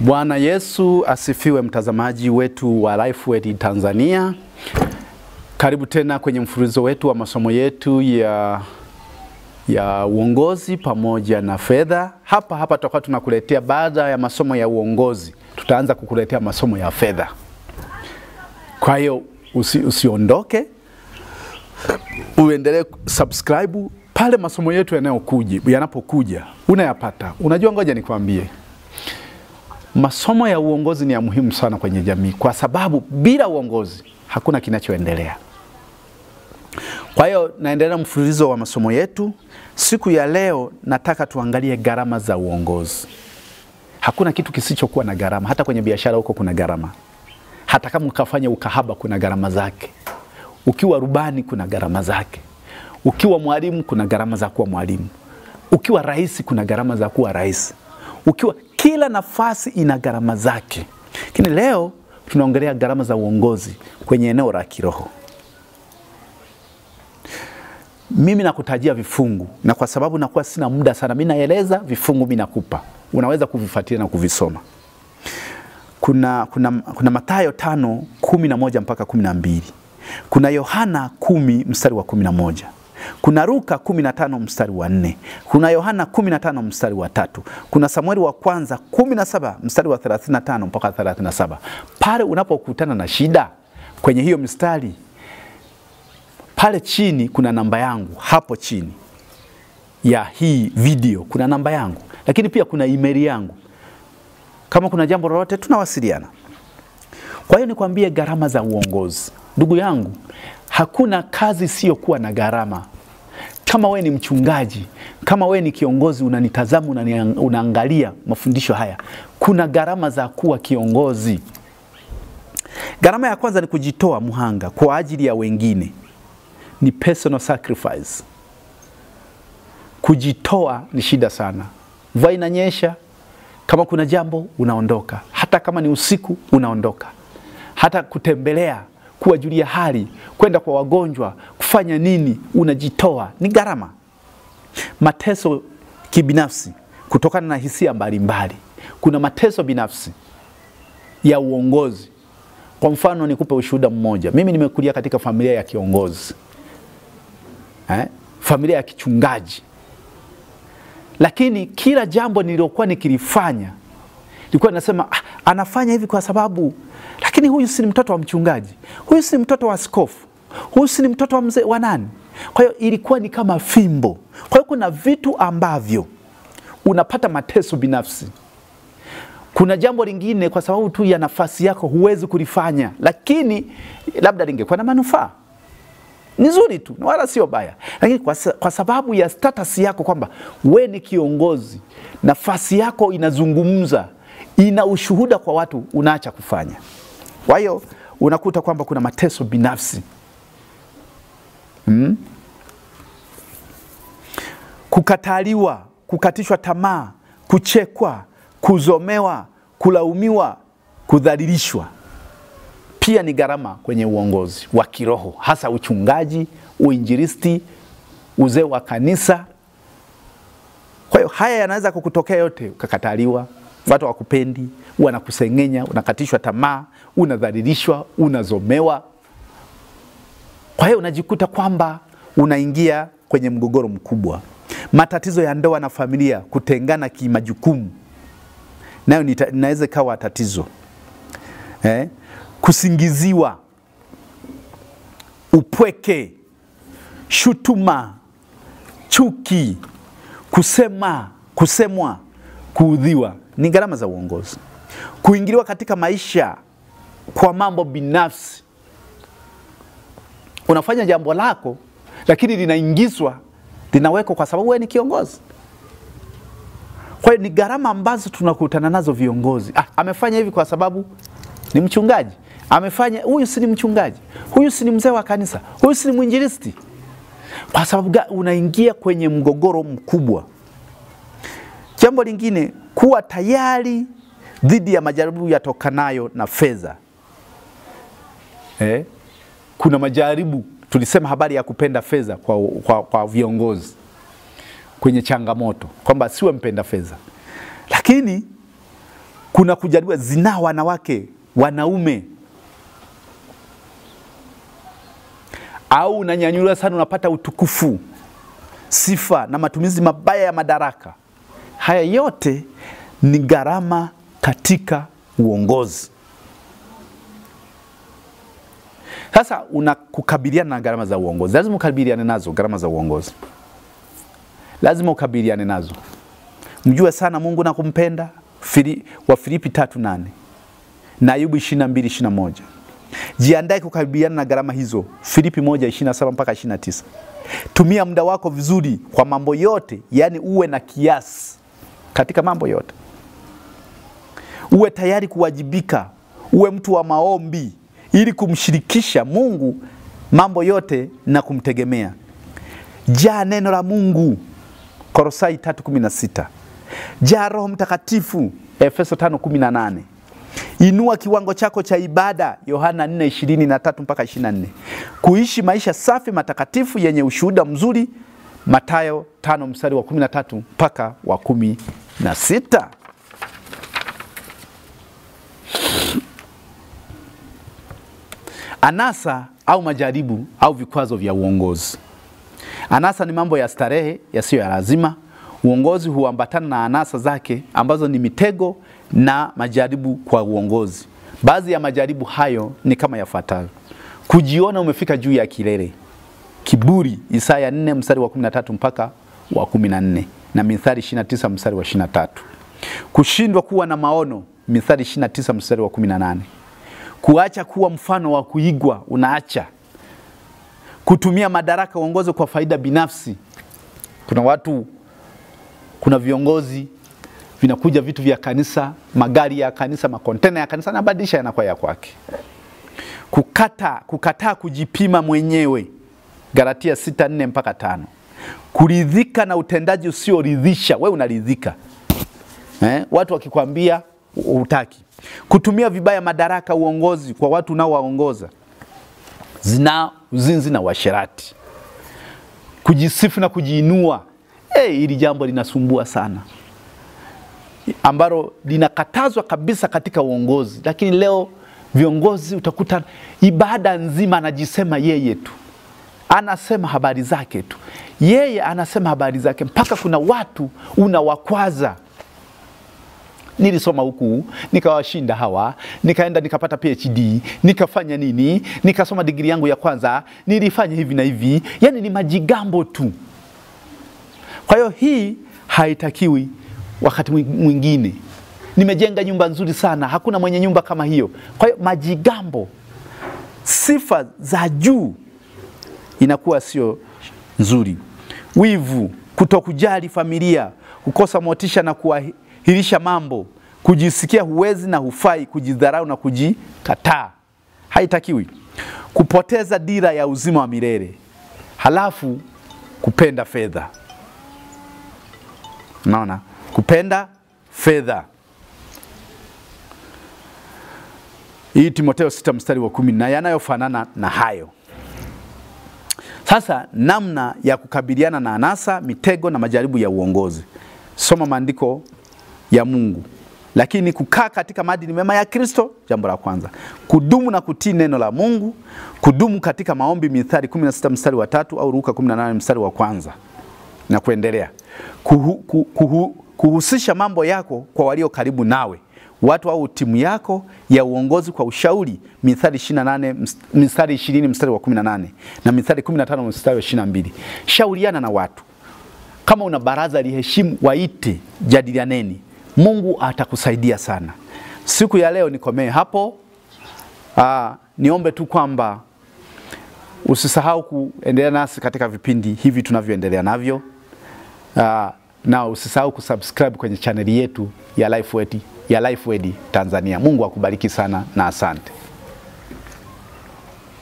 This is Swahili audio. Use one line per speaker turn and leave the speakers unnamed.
Bwana Yesu asifiwe, mtazamaji wetu wa Lifeway Tanzania. Karibu tena kwenye mfululizo wetu wa masomo yetu ya ya uongozi pamoja na fedha. Hapa hapa tutakuwa tunakuletea, baada ya masomo ya uongozi, tutaanza kukuletea masomo ya fedha. Kwa hiyo usi, usiondoke, uendelee subscribe pale masomo yetu yanayokuja yanapokuja unayapata. Unajua, ngoja nikwambie Masomo ya uongozi ni ya muhimu sana kwenye jamii, kwa sababu bila uongozi hakuna kinachoendelea. Kwa hiyo naendelea mfululizo wa masomo yetu. Siku ya leo nataka tuangalie gharama za uongozi. Hakuna kitu kisichokuwa na gharama. Hata kwenye biashara huko kuna gharama, hata kama ukafanya ukahaba kuna gharama zake. Ukiwa rubani kuna gharama zake, ukiwa mwalimu kuna gharama za kuwa mwalimu, ukiwa rais kuna gharama za kuwa rais, ukiwa kila nafasi ina gharama zake, lakini leo tunaongelea gharama za uongozi kwenye eneo la kiroho. Mimi nakutajia vifungu, na kwa sababu nakuwa sina muda sana, mi naeleza vifungu, mi nakupa, unaweza kuvifuatilia na kuvisoma. Kuna, kuna, kuna Mathayo tano kumi na moja mpaka kumi na mbili kuna Yohana kumi mstari wa kumi na moja kuna Luka 15 mstari wa 4, kuna Yohana 15 mstari wa tatu, kuna Samueli wa kwanza 17 mstari wa 35 mpaka 37. Pale unapokutana na shida kwenye hiyo mstari pale chini kuna namba yangu, hapo chini ya hii video kuna namba yangu, lakini pia kuna email yangu. Kama kuna jambo lolote tunawasiliana. Kwa hiyo nikwambie, gharama za uongozi, ndugu yangu, hakuna kazi isiyokuwa na gharama kama we ni mchungaji, kama we ni kiongozi, unanitazama, unaangalia mafundisho haya, kuna gharama za kuwa kiongozi. Gharama ya kwanza ni kujitoa muhanga kwa ajili ya wengine, ni personal sacrifice. Kujitoa ni shida sana. Mvua inanyesha, kama kuna jambo unaondoka, hata kama ni usiku unaondoka, hata kutembelea kuwajulia hali, kwenda kwa wagonjwa, kufanya nini, unajitoa. Ni gharama, mateso kibinafsi kutokana na hisia mbalimbali. Kuna mateso binafsi ya uongozi. Kwa mfano, nikupe ushuhuda mmoja. Mimi nimekulia katika familia ya kiongozi eh, familia ya kichungaji, lakini kila jambo nililokuwa nikilifanya nilikuwa ninasema ah, anafanya hivi kwa sababu, lakini huyu si ni mtoto wa mchungaji, huyu si ni mtoto wa askofu, huyu si ni mtoto wa mzee wa nani? Kwa hiyo ilikuwa ni kama fimbo. Kwa hiyo kuna vitu ambavyo unapata mateso binafsi. Kuna jambo lingine kwa sababu tu ya nafasi yako huwezi kulifanya, lakini labda lingekuwa na manufaa ni tu wala sio baya, lakini kwa, kwa sababu ya status yako kwamba we ni kiongozi, nafasi yako inazungumza ina ushuhuda kwa watu, unaacha kufanya. Kwa hiyo unakuta kwamba kuna mateso binafsi hmm? Kukataliwa, kukatishwa tamaa, kuchekwa, kuzomewa, kulaumiwa, kudhalilishwa pia ni gharama kwenye uongozi wa kiroho, hasa uchungaji, uinjilisti, uzee wa kanisa. Kwa hiyo haya yanaweza kukutokea yote, ukakataliwa watu wakupendi, wanakusengenya, unakatishwa tamaa, unadhalilishwa, unazomewa. Kwa hiyo unajikuta kwamba unaingia kwenye mgogoro mkubwa. Matatizo ya ndoa na familia, kutengana kimajukumu, nayo inaweza ikawa tatizo eh? Kusingiziwa, upweke, shutuma, chuki, kusema, kusemwa, kuudhiwa ni gharama za uongozi, kuingiliwa katika maisha kwa mambo binafsi. Unafanya jambo lako lakini linaingizwa, linawekwa kwa sababu wewe ni kiongozi. Kwa hiyo ni gharama ambazo tunakutana nazo viongozi. Ah, amefanya hivi kwa sababu ni mchungaji, amefanya huyu, si ni mchungaji, huyu si ni mzee wa kanisa, huyu si ni mwinjilisti, kwa sababu unaingia kwenye mgogoro mkubwa Jambo lingine, kuwa tayari dhidi ya majaribu yatokanayo na fedha. Eh, kuna majaribu tulisema habari ya kupenda fedha kwa, kwa, kwa viongozi kwenye changamoto kwamba siwe mpenda fedha, lakini kuna kujaribiwa zinaa, wanawake, wanaume au unanyanyuliwa sana, unapata utukufu, sifa na matumizi mabaya ya madaraka. Haya yote ni gharama katika uongozi. Sasa unakukabiliana na gharama za uongozi, lazima ukabiliane nazo. Gharama za uongozi lazima ukabiliane nazo. Mjue sana Mungu na kumpenda, Fili, wa Filipi tatu nane na Ayubu 22 21. Jiandae kukabiliana na gharama hizo, Filipi 1:27 mpaka 29. Tumia muda wako vizuri kwa mambo yote, yani uwe na kiasi katika mambo yote. Uwe tayari kuwajibika, uwe mtu wa maombi ili kumshirikisha Mungu mambo yote na kumtegemea. Jaa neno la Mungu, Korosai 3:16. Jaa Roho Mtakatifu, Efeso 5:18. Inua kiwango chako cha ibada, Yohana 4:23 mpaka 24. Kuishi maisha safi matakatifu yenye ushuhuda mzuri, Mathayo 5 mstari wa 13 mpaka wa na sita anasa au majaribu au vikwazo vya uongozi. Anasa ni mambo ya starehe yasiyo ya lazima. Uongozi huambatana na anasa zake ambazo ni mitego na majaribu kwa uongozi. Baadhi ya majaribu hayo ni kama yafuatayo: kujiona umefika juu ya kilele, kiburi, Isaya 4 mstari wa 13 mpaka wa 14 na Mithali 29 mstari wa 23. Kushindwa kuwa na maono, Mithali 29 mstari wa 18. Kuacha kuwa mfano wa kuigwa, unaacha. Kutumia madaraka, uongozi kwa faida binafsi. Kuna watu, kuna viongozi vinakuja vitu vya kanisa, magari ya kanisa, makontena ya kanisa, nabadilisha yanakuwa ya kwake. Kukata, kukataa kujipima mwenyewe, Galatia 6:4 mpaka 5 kuridhika na utendaji usioridhisha, we unaridhika eh? Watu wakikwambia utaki. Kutumia vibaya madaraka, uongozi kwa watu unaowaongoza, zina uzinzi na uasherati. Kujisifu na kujiinua, eh, hili jambo linasumbua sana ambalo linakatazwa kabisa katika uongozi, lakini leo viongozi utakuta ibada nzima anajisema yeye tu anasema habari zake tu, yeye anasema habari zake, mpaka kuna watu unawakwaza. Nilisoma huku nikawashinda hawa, nikaenda nikapata PhD, nikafanya nini, nikasoma digiri yangu ya kwanza, nilifanya hivi na hivi. yaani ni majigambo tu. Kwa hiyo hii haitakiwi. Wakati mwingine nimejenga nyumba nzuri sana, hakuna mwenye nyumba kama hiyo. Kwa hiyo majigambo, sifa za juu inakuwa sio nzuri. Wivu, kutokujali familia, kukosa motisha na kuahirisha mambo, kujisikia huwezi na hufai, kujidharau na kujikataa, haitakiwi. Kupoteza dira ya uzima wa milele, halafu kupenda fedha. Naona kupenda fedha. Hii Timotheo 6 mstari wa kumi na yanayofanana na hayo. Sasa namna ya kukabiliana na anasa, mitego na majaribu ya uongozi. Soma maandiko ya Mungu. Lakini kukaa katika maadili mema ya Kristo, jambo la kwanza. Kudumu na kutii neno la Mungu, kudumu katika maombi, Mithali 16 mstari wa tatu au Luka 18 mstari wa kwanza na kuendelea. Kuhu, kuhu, kuhusisha mambo yako kwa walio karibu nawe watu au timu yako ya uongozi kwa ushauri, Mithali 28 mstari 20 mstari wa 18 na Mithali 15 mstari wa 22. Shauriana na watu. Kama una baraza liheshimu, waite, jadilianeni. Mungu atakusaidia sana. Siku ya leo nikomee hapo. Aa, ah, niombe tu kwamba usisahau kuendelea nasi katika vipindi hivi tunavyoendelea navyo. Aa, ah, na usisahau kusubscribe kwenye chaneli yetu ya Wedi, ya Wedi Tanzania. Mungu akubariki sana na asante.